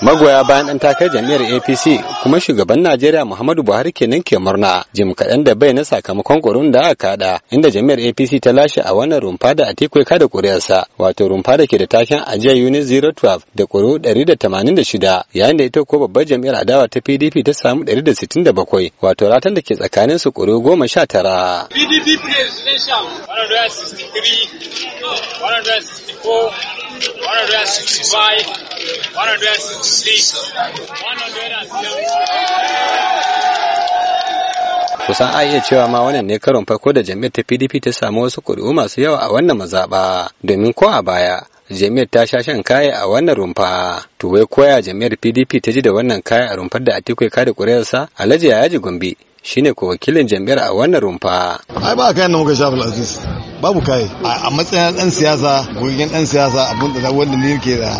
magoya bayan ɗan takar jami'ar apc kuma shugaban najeriya muhammadu buhari kenan ke murna jim kaɗan da bai na sakamakon ƙuri'un da aka kaɗa inda jami'ar apc ta lashe a wannan rumfa da atiku da kada ƙuri'arsa wato rumfa da ke da taken ajiyar unit 012 da ƙuri'u 186 yayin da ita ko babbar jami'ar adawa ta pdp ta samu 167 wato ratan da ke tsakanin su ƙuri'u 19 sha tara. Kusan a iya cewa ma wannan ne karon farko da jami'ar ta PDP ta samu wasu kuri'u masu yawa a wannan mazaɓa domin ko a baya jami'ar ta sha shan kaya a wannan rumfa to wai koya jami'ar PDP ta ji da wannan kaya a rumfar da Atiku ya kada kuri'arsa Alhaji Yaji Gombe shine ko wakilin jami'ar a wannan rumfa ai ba kayan da muka sha babu kai a matsayin dan siyasa gurgin dan siyasa abin da wanda ne yake da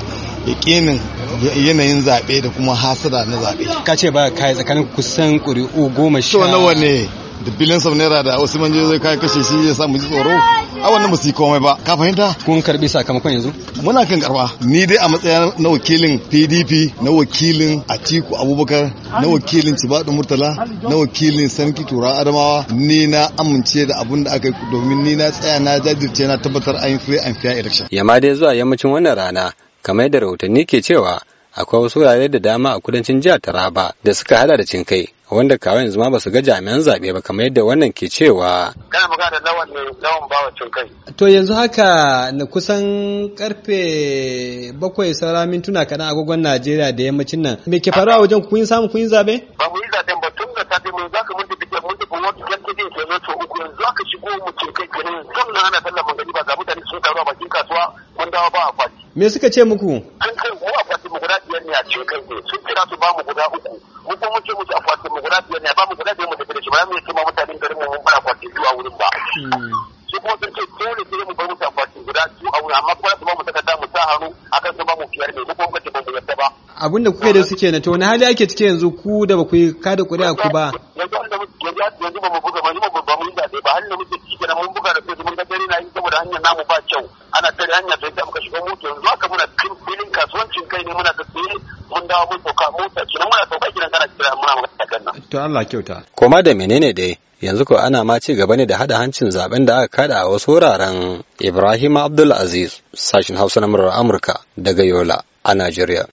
yakinin yanayin zaɓe da kuma hasada na zaɓe ka ce ba kai tsakanin kusan ƙuri'u goma sha nawa ne da billions sau naira da wasu manje zai kai kashe shi ya samu ji tsoro A wannan ba komai ba ka fahimta kun karbi sakamakon yanzu muna kan karba ni dai a matsayin na wakilin PDP na wakilin Atiku Abubakar na wakilin Cibadu Murtala na wakilin Sarki Tura Adamawa ni na amince da abin da aka yi domin ni na tsaya na jajirce na tabbatar an yi free and fair election yamma dai zuwa yammacin wannan rana kamar da rahotanni ke cewa akwai wasu wurare da dama a kudancin jihar Taraba da suka hada da cinkai wanda kawai yanzu ma ba su ga jami'an zaɓe ba kamar yadda wannan ke cewa. Kana magana lawan ne lawan bawa cin kai. To yanzu haka na kusan karfe bakwai saura mintuna kaɗan agogon Najeriya da yammacin nan. Me ke faruwa wajen kun samu kun yi zaɓe? Ba mu yi zaɓen ba tun da safe mun za ka mun tafi mun tafi wani yankin ke nan to uku yanzu aka shigo mu cin kai kenan yanzu na ana sallar magani ba za mutane sun taru a bakin kasuwa mun dawo ba a kwaci. Me suka ce muku? An sun kira su bamu guda uku a ma mutanen garin wurin ba su kuma sun ce dole sai mu bar musu a wurin amma kuma su sa hannu akan su ne mu kuma ba mu yarda ba abin da kuka da suke na to wani hali ake ciki yanzu ku da ba ku yi kada kuri'a ku ba yanzu ba mu buga ba ba mu yi zaɓe ba muke ciki mun buga da mun ga na yi saboda hanyar namu ba kyau ana tare hanyar da ya ka shiga mota yanzu haka muna filin kasuwancin kai ne muna gaske dawo koma da menene dai yanzu ko ana ma ci gaba ne da hada hancin zaben da aka kada a wasu wuraren Ibrahim Abdul Aziz sashin Hausa na Amurka daga Yola a Najeriya